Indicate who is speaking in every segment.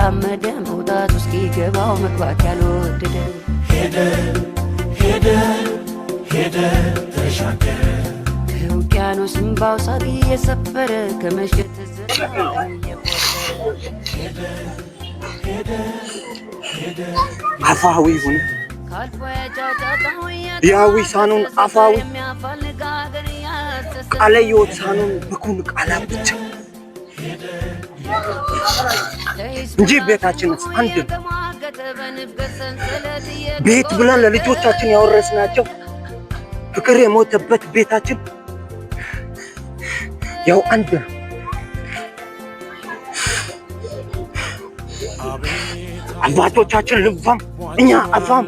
Speaker 1: ያላራመደ መውጣቱ እስኪገባው መግባት ያልወደደ
Speaker 2: ሄደ ሄደ ሄደ ተሻገረ
Speaker 1: ከውቅያኖስ እምባው ሳቢ የሰፈረ ከመሸት
Speaker 3: አፋዊ ሁን ያዊ ሳኑን አፋዊ ቃለዮት ሳኑን ብኩን ቃላ ብቻ እንጂ ቤታችንስ አንድ ነው። ቤት ብለን ለልጆቻችን ያወረስናቸው ፍቅር የሞተበት ቤታችን ያው አንድ ነው። አባቶቻችን ልባም፣ እኛ አፋም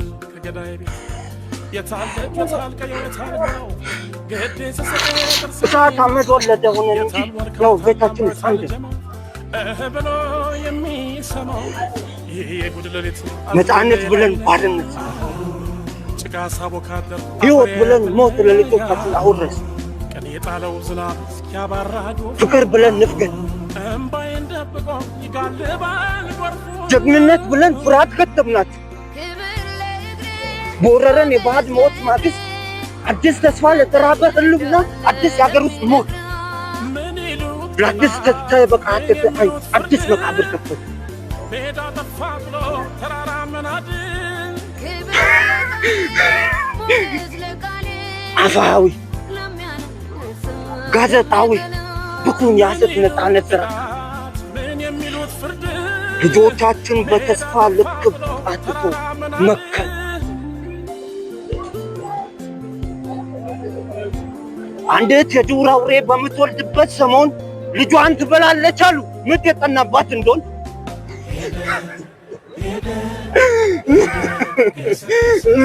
Speaker 3: እሳት አመድ ወለደ እንጂ ያው ቤታችን አንድ ነው። ብሎ የሚሰማው ነፃነት ብለን ባርነት ጭቃ ብለን ሞት ለልጆቻችን አውረስ ቀን የጣለው ዝናብ ፍቅር ብለን ንፍገን ደብቆ ይጋልባል ጎርፉ ጀግንነት ብለን ፍርሃት ከተብናት በወረረን የባህድ ሞት ማግስት አዲስ ተስፋ ለተራበ ህልውና አዲስ የአገር ውስጥ ሞት አዲስ ከፍታ በቃ አዲስ መቃብር ሜዳ ጠፋ ብሎ ተራራ መናድ አፋዊ ጋዜጣዊ ብኩን የሐሰት ልጆቻችን በተስፋ ልክ አጥቶ መከል አንዲት የዱር አውሬ በምትወልድበት ሰሞን ልጇን ትበላለች አሉ። ምጥ የጠናባት እንደሆን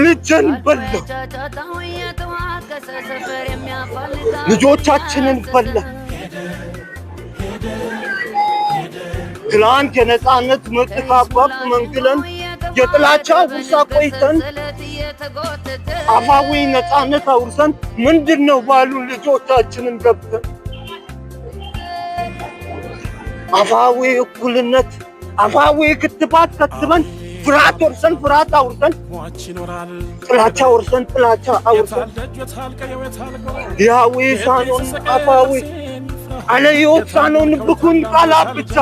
Speaker 3: ልጅን በላ፣ ልጆቻችንን በላ። ትላንት የነፃነት መጥፋ አባብ መንግለን የጥላቻ ውርሳ ቆይተን አፋዊ ነፃነት አውርሰን ምንድን ነው ባሉ ልጆቻችንን ገብተን አፋዊ እኩልነት አፋዊ ክትባት ከትበን ፍርሃት ወርሰን ፍርሃት አውርሰን ጥላቻ ወርሰን ጥላቻ አውርሰን ያዊ ሳኖን አፋዊ አለዮት ሳኖን ብኩን ቃላ ብቻ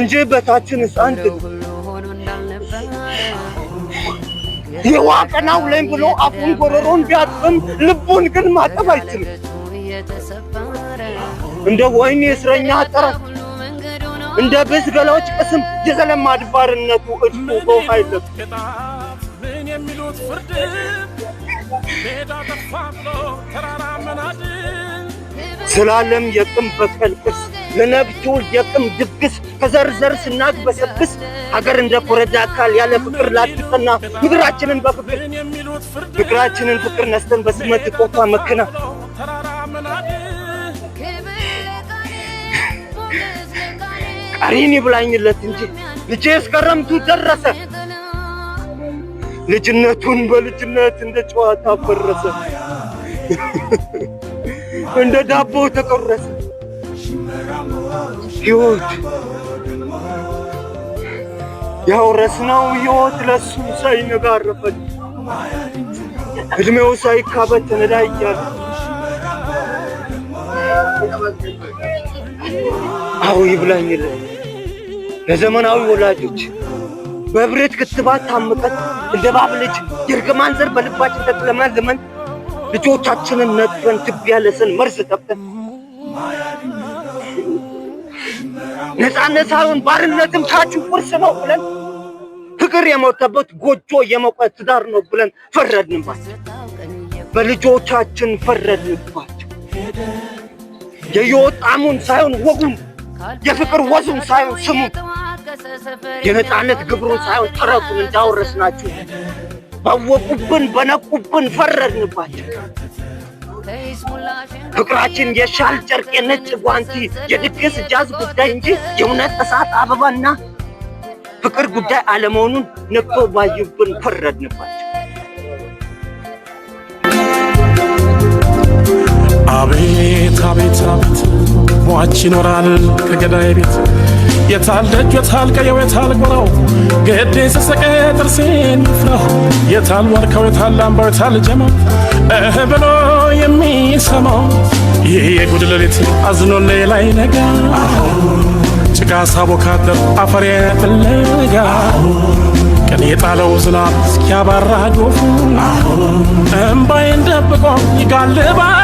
Speaker 3: እንጂ በታችን ህፃን የዋቀናው ላይም ብሎ አፉን ጎረሮን ቢያጥብም ልቡን ግን ማጠብ አይችልም። እንደ ወይኔ እስረኛ ጠረፍ እንደ ገላዎች ቅስም የዘለማ አድባርነቱ እድፉ በውሃ ይለት ምን የሚሉት ፍርድ ሜዳ ጠፋ ብሎ ተራራ መናድ ስላለም የቅም በቀል ቅርስ ለነብቹል የቅም ድግስ ከዘርዘር ስናግ በሰብስ ሀገር እንደ ኮረዳ አካል ያለ ፍቅር ላትቀና ምድራችንን በፍቅር ፍቅራችንን ፍቅር ነስተን በስመት ቆታ መክና ቀሪን ይብላኝለት እንጂ ልጄ እስከረምቱ ደረሰ። ልጅነቱን በልጅነት እንደ ጨዋታ አበረሰ፣ እንደ ዳቦ ተቆረሰ። ሕይወት ያወረስነው ሕይወት ለሱ ሳይነጋ አረፈች። እድሜው ሳይካበት ነዳያል። አዎ ይብላኝ ለዘመናዊ ወላጆች በብረት ክትባት ታምቀት እንደባብ ልጅ የእርግማን ዘር በልባችን ተጥለማን ዘመን ልጆቻችንን ነጥፈን ትቢያ ለሰን መርዝ ጠብተን ነፃነት ሳይሆን ባርነትም ታች ውርስ ነው ብለን ፍቅር የሞተበት ጎጆ የሞቀ ትዳር ነው ብለን ፈረድንባቸው። በልጆቻችን ፈረድንባቸው። የየወጣሙን ሳይሆን ወጉን የፍቅር ወዙን ሳይሆን ስሙት፣ የነፃነት ግብሩን ሳይሆን ጥረቱን እንዳወረስናችሁ ባወቁብን በነቁብን ፈረድንባቸው። ፍቅራችን የሻል ጨርቅ፣ የነጭ ጓንቲ፣ የድግስ ጃዝ ጉዳይ እንጂ የእውነት እሳት አበባና ፍቅር ጉዳይ አለመሆኑን ነቅቶ ባዩብን ፈረድንባቸው።
Speaker 2: አቤት አቤት አቤት ሟች ይኖራል ከገዳይ ቤት የታል ደጅ የታል ቀየው የታል ጎራው ገዴ ሰሰቀ ጥርሴን ይፍራው የታል ዋርካው የታል አምባው የታል ጀማው እህ ብሎ የሚሰማው ይህ የጉድ ሌሊት አዝኖ ላይ ነጋ ጭቃ ካደር አፈር ፍለጋ ቀን የጣለው ዝናብ እስኪያባራ ዶፉ እምባዬን ደብቆ ይጋልባል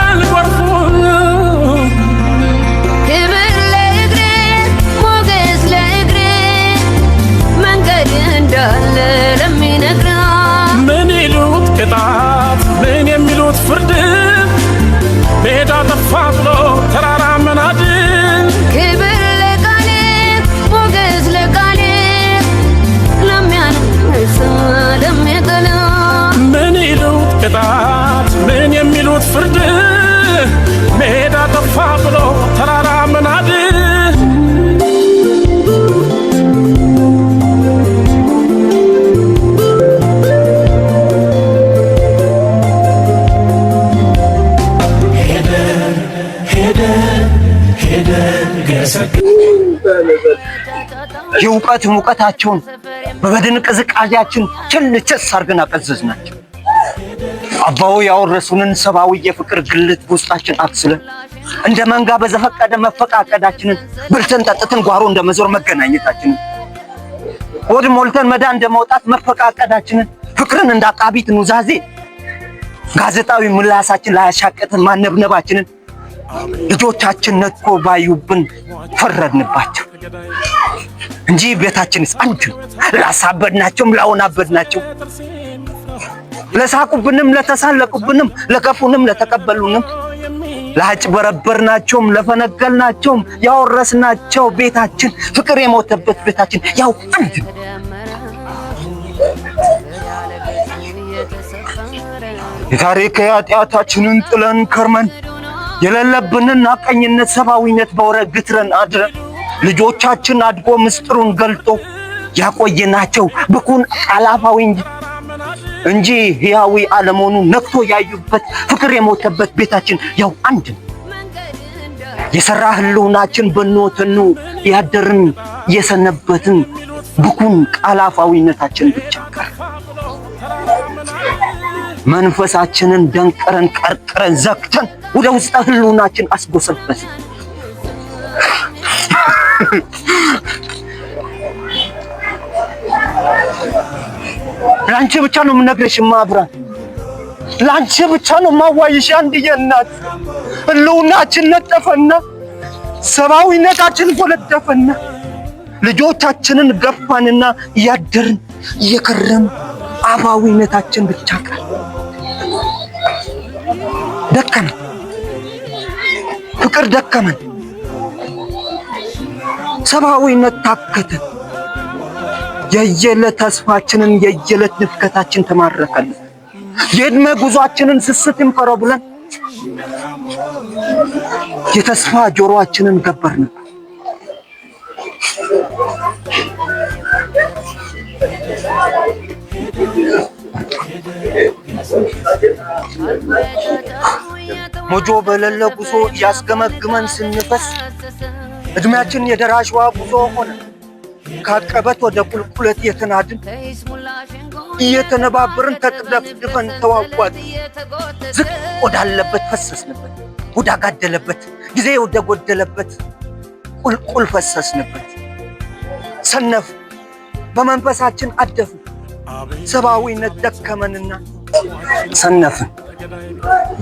Speaker 3: የእውቀት ሙቀታቸውን በበድን ቅዝቃዜያችን ችልችስ አድርገን አቀዘዝናቸው። አባው ያወረሱንን ሰብአዊ የፍቅር ግልት ውስጣችን አክስለን እንደ መንጋ በዘፈቀደ መፈቃቀዳችንን ብልተን ጠጥተን ጓሮ እንደ መዞር መገናኘታችንን ወድ ሞልተን መዳ እንደ መውጣት መፈቃቀዳችንን ፍቅርን እንደ አቃቢት ኑዛዜ ጋዜጣዊ ምላሳችን ላያሻቀትን ማነብነባችንን ልጆቻችን ነጥቆ ባዩብን ፈረድንባቸው። እንጂ ቤታችንስ አንድ ነው። ላሳበድናቸውም ላወናበድናቸው፣ ለሳቁብንም፣ ለተሳለቁብንም፣ ለከፉንም፣ ለተቀበሉንም፣ ላጭበረበርናቸውም፣ ለፈነገልናቸውም ያወረስናቸው ቤታችን ፍቅር የሞተበት ቤታችን ያው አንድ ነው። የታሪክ ጥለን ከርመን የሌለብንን አቀኝነት፣ ሰብአዊነት በወረ ግትረን አድረን ልጆቻችን አድጎ ምስጢሩን ገልጦ ያቆየናቸው ብኩን አላፋዊ እንጂ እንጂ ህያዊ አለመሆኑ ነክቶ ያዩበት ፍቅር የሞተበት ቤታችን ያው አንድ ነው። የሰራ ህልውናችን በኖተኑ ያደርን የሰነበትን ብኩን ቃላፋዊነታችን ብቻ ቀር መንፈሳችንን ደንቀረን ቀርቅረን ዘግተን ወደ ውስጥ ህልውናችን አስጎሰበትን። ለአንቺ ብቻ ነው የምነግርሽማ አብራን፣ ለአንቺ ብቻ ነው ማዋይሽ አንድዬ እናት ህልውናችን ነጠፈና ሰብአዊነታችን ጎለደፈና ልጆቻችንን ገፋንና እያደርን እየከረም አባዊነታችን ብቻ ቀር ደከመን፣ ፍቅር ደከመን። ሰብአዊነት ታከተ። የየለት ተስፋችንን የየለት ንፍከታችን ተማረከልን። የእድሜ ጉዟችንን ስስት ይንፈረው ብለን የተስፋ ጆሮአችንን ገበርን። ሞጆ በሌለ ጉዞ ያስገመግመን ስንፈስ እድሜያችን የደራሽ ዋ ጉዞ ሆነ። ካቀበት ወደ ቁልቁለት የተናድን እየተነባበርን ተጥደፍድፈን ተዋጓት ዝቅ ወዳለበት ፈሰስንበት፣ ወዳጋደለበት ጊዜ ወደጎደለበት ቁልቁል ፈሰስንበት። ሰነፍ በመንፈሳችን አደፍን፣ ሰብአዊነት ደከመንና ሰነፍን።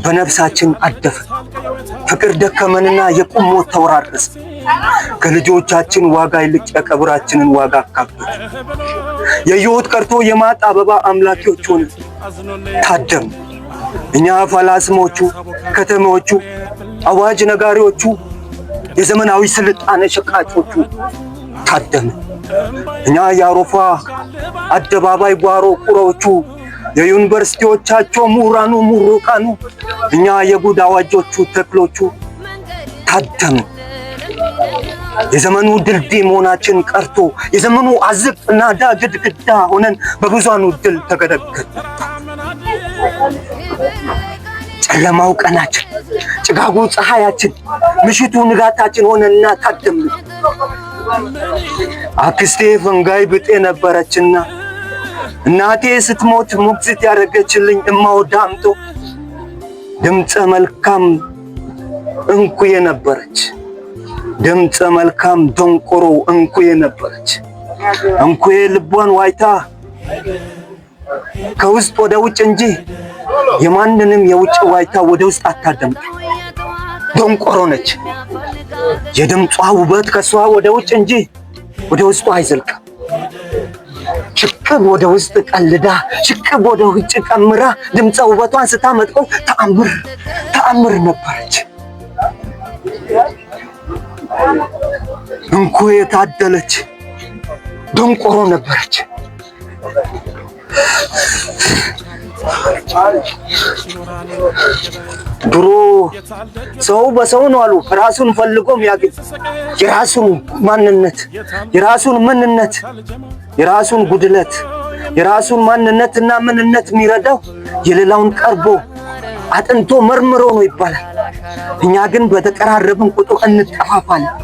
Speaker 3: በነፍሳችን አደፍን፣ ፍቅር ደከመንና የቁሞት ተወራረስን። ከልጆቻችን ዋጋ ይልቅ የቀብራችንን ዋጋ አካበት የህይወት ቀርቶ የማጥ አበባ አምላኪዎች ሆነ ታደም። እኛ ፈላስሞቹ፣ ከተሞቹ፣ አዋጅ ነጋሪዎቹ፣ የዘመናዊ ስልጣኔ ሸቃጮቹ ታደም። እኛ የአውሮፓ አደባባይ ጓሮ ቁሮቹ፣ የዩኒቨርሲቲዎቻቸው ምሁራኑ ምሩቃኑ፣ እኛ የጉድ አዋጆቹ ተክሎቹ ታደም። የዘመኑ ድልድይ መሆናችን ቀርቶ የዘመኑ አዝብ እና ግድግዳ ሆነን በብዙሃኑ ድል ተገደገድ። ጨለማው ቀናችን፣ ጭጋጉ ፀሐያችን፣ ምሽቱ ንጋታችን ሆነና ታደም። አክስቴ ፈንጋይ ብጤ ነበረችና እናቴ ስትሞት ሙግዝት ያደረገችልኝ እማወዳ አምጦ ድምፀ መልካም እንኩዬ ነበረች። ድምፀ መልካም ደንቆሮ እንኩዬ ነበረች። እንኩዬ ልቧን ዋይታ ከውስጥ ወደ ውጭ እንጂ የማንንም የውጭ ዋይታ ወደ ውስጥ አታደምጥ። ደንቆሮ ነች። የድምጿ ውበት ከሷ ወደ ውጭ እንጂ ወደ ውስጡ አይዘልቅም። ሽቅብ ወደ ውስጥ ቀልዳ ሽቅብ ወደ ውጭ ቀምራ ድምፀ ውበቷን ስታመጥቀው ተአምር ተአምር ነበረች። እንኮ የታደለች ደንቆሮ ነበረች። ድሮ ሰው በሰው ነው አሉ ራሱን ፈልጎ የሚያገኝ የራሱን ማንነት፣ የራሱን ምንነት፣ የራሱን ጉድለት፣ የራሱን ማንነት እና ምንነት የሚረዳው የሌላውን ቀርቦ አጥንቶ መርምሮ ነው ይባላል። እኛ ግን በተቀራረብን ቁጥር እንጠፋፋለን፣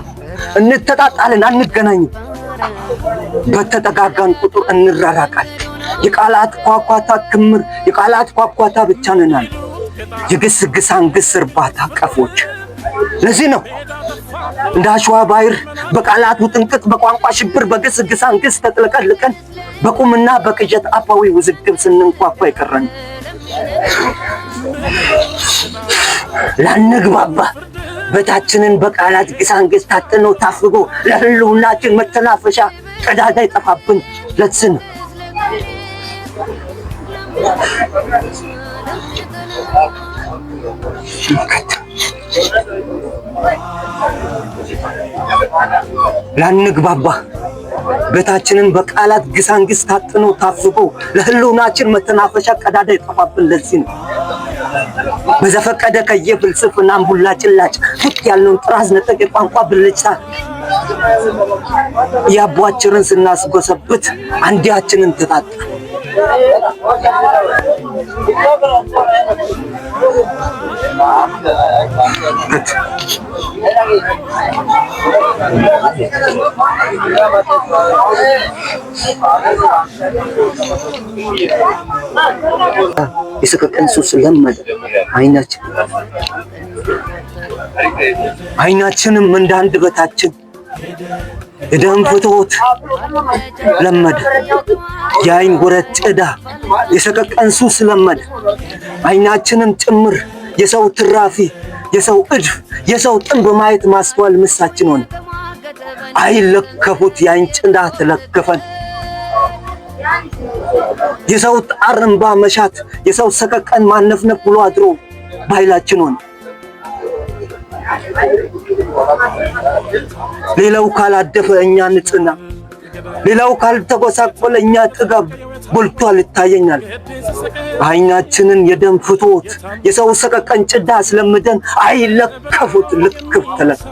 Speaker 3: እንተጣጣለን፣ አንገናኝም። በተጠጋጋን ቁጥር እንራራቃለን። የቃላት ኳኳታ ክምር፣ የቃላት ኳኳታ ብቻ ነናል። የግስግሳን ግስ እርባታ ቀፎች። ለዚህ ነው እንደ አሸዋ በቃላቱ በቃላት ውጥንቅጥ፣ በቋንቋ ሽብር፣ በግስግሳን ግስ ተጥለቀልቀን በቁምና በቅዠት አፋዊ ውዝግብ ስንንኳኳ የቀረን። ላንግባባ በታችንን በቃላት ግሳንግስ ታጥኖ ታፍጎ ለህልውናችን መተናፈሻ ቀዳዳ ይጠፋብን ለትስን ላንግባባ ቤታችንን በቃላት ግሳንግስ ታጥኖ ታፍጎ ለህልውናችን መተናፈሻ ቀዳዳ ይጠፋብን ለዚህ ነው። በዘፈቀደ ከየፍልስፍና ቡላ ጭላጭ ፍቅ ያልነውን ጥራዝ ነጠቅ ቋንቋ ብልጫ የአቧችንን ስናስጎሰብት አንዲያችንን ትታጣ የስቅቅን ሱስ ለመደ። አይናችን አይናችንም እንደ አንድ በታችን እዳን ፍትወት ለመደ። የአይን ጉረት ጭዳ የሰቀቀን ሱስ ለመደ። አይናችንም ጭምር የሰው ትራፊ፣ የሰው እድፍ፣ የሰው ጥንብ ማየት ማስተዋል ምሳችን ሆነ። አይን ለከፉት የአይን ጭንዳት ለከፈን። የሰው ጣር መሻት፣ የሰው ሰቀቀን ማነፍነፍ ብሎ አድሮ ባይላችን ሆነ። ሌላው ካላደፈ እኛ ንጽና ሌላው ካልተጎሳቆለ እኛ ጥጋብ ጎልቷል ይታየኛል። አይናችንን የደም ፍቶት የሰው ሰቀቀን ጭዳ አስለምደን አይለከፉት ልክፍ ተለክ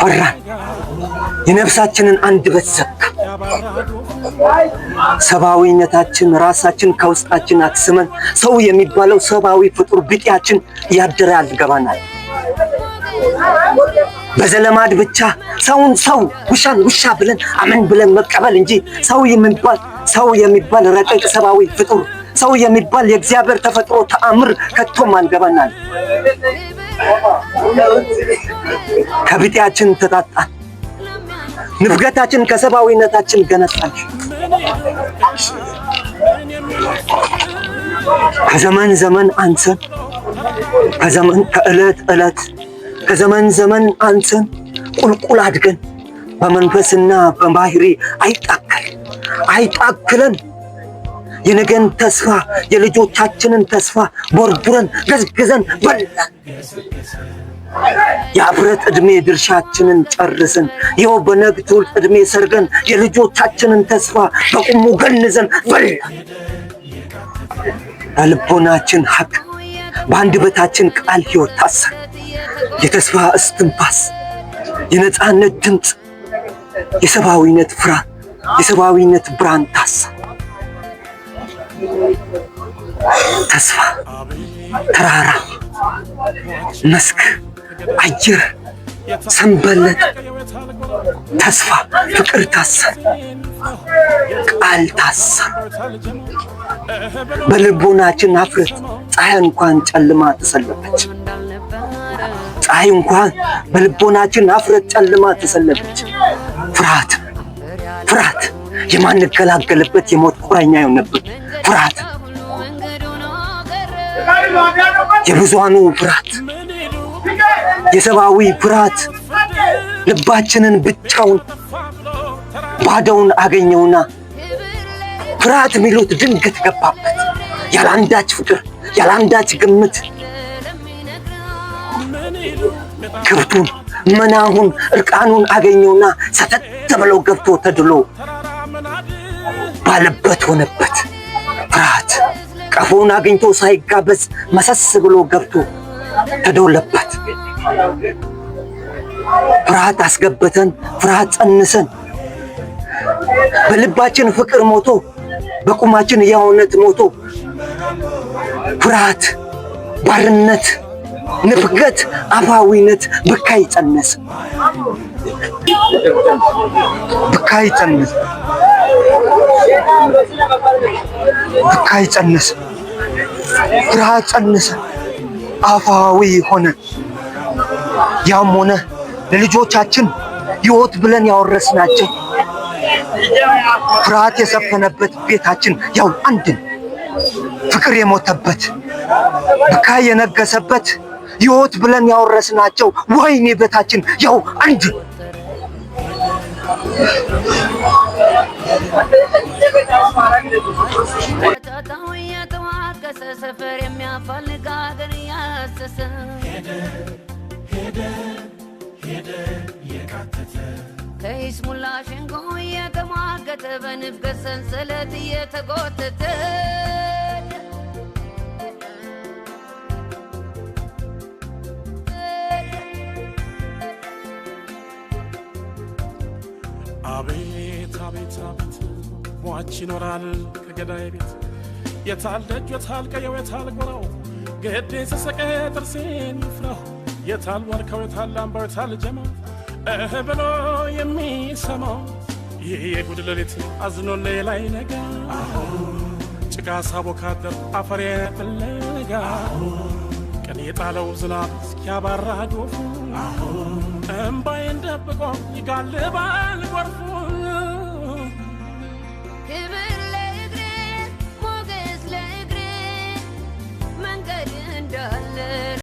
Speaker 3: ፈራን የነፍሳችንን አንድ ዘጋ። ሰብአዊነታችን ራሳችን ከውስጣችን አክስመን ሰው የሚባለው ሰብአዊ ፍጡር ብጤያችን ያደረ አልገባናል። በዘለማድ ብቻ ሰውን ሰው ውሻን ውሻ ብለን አምን ብለን መቀበል እንጂ ሰው የሚባል ሰው የሚባል ረቂቅ ሰብአዊ ፍጡር ሰው የሚባል የእግዚአብሔር ተፈጥሮ ተአምር ከቶም አንገባናል። ከብጤያችን ተጣጣ ንፍገታችን ከሰብአዊነታችን ገነጣል። ከዘመን ዘመን አንሰን ከዘመን ከእለት ዕለት ከዘመን ዘመን አንሰን ቁልቁል አድገን በመንፈስና በባህሪ አይጣከል አይጣክለን የነገን ተስፋ የልጆቻችንን ተስፋ ቦርቡረን ገዝግዘን በላን። የአብረት ዕድሜ ድርሻችንን ጨርስን። ይኸው በነግቱል ዕድሜ ሰርገን የልጆቻችንን ተስፋ በቁሙ ገንዘን በላን። በልቦናችን ሀቅ በአንድ በታችን ቃል ሕይወት ታሰር የተስፋ እስትንፋስ፣ የነፃነት ድምፅ፣ የሰብአዊነት ፍራ፣ የሰብአዊነት ብርሃን ታሳ ተስፋ፣ ተራራ፣ መስክ፣ አየር፣ ሰንበለጥ፣ ተስፋ፣ ፍቅር ታሰር፣ ቃል ታሳ በልቦናችን አፍረት ፀሐይ እንኳን ጨልማ ተሰለፈች። ፀሐይ እንኳን በልቦናችን አፍረት ጨልማ ተሰለፈች። ፍርሃት ፍርሃት የማንገላገልበት የሞት ቁራኛ የሆነበት ፍርሃት የብዙሃኑ ፍርሃት የሰብአዊ ፍርሃት ልባችንን ብቻውን ባዶውን አገኘውና ፍርሃት የሚሉት ድንገት ገባበት ያለአንዳች ፍቅር ያላንዳች ግምት ክብቱን መናሁን እርቃኑን አገኘውና ሰተት ብለው ገብቶ ተድሎ ባለበት ሆነበት። ፍርሃት ቀፎውን አግኝቶ ሳይጋበዝ መሰስ ብሎ ገብቶ ተደውለበት። ፍርሃት አስገብተን ፍርሃት ጸንሰን በልባችን ፍቅር ሞቶ በቁማችን ያውነት ሞቶ ፍርሃት ባርነት ንፍገት፣ አፋዊነት፣ ብካ ጸነስ ብካይ ጸነስ ብካይ ጸነስ ፍርሃት ጸነሰ፣ አፋዊ ሆነ። ያም ሆነ ለልጆቻችን ሕይወት ብለን ያወረስናቸው ፍርሃት የሰፈነበት ቤታችን ያው አንድን ፍቅር የሞተበት ብካ የነገሰበት ህይወት ብለን ያወረስናቸው ወይኔ ቤታችን ያው አንድ ሰፈር የሚያፋልቅ ሀገር ያሰሰ ሄደ ሄደ ሄደ የቃተተ
Speaker 2: ከይስሙላ ሸንጎ እየተሟገተ በንፍገት ሰንሰለት እየተጎተተ ቤት ሟች ይኖራል ከገዳይ ቤት የታል ደጅ የታል ቀየው የታል ጎራው ግድ ስሰቀ ጥርሴን ይፍራው የታል ወርከው የታል ላምባው የታል ጀማው እህ ብሎ የሚሰማው ይህ የጉድ ሌሊት አዝኖ ሌላይ ነገ ጭቃ ሳቦካደር አፈሬ ፍለጋ ቀን የጣለው ዝናብ እስኪያባራ ጎፉ እምባዬን ደብቆ ይጋልባል ጎርፉ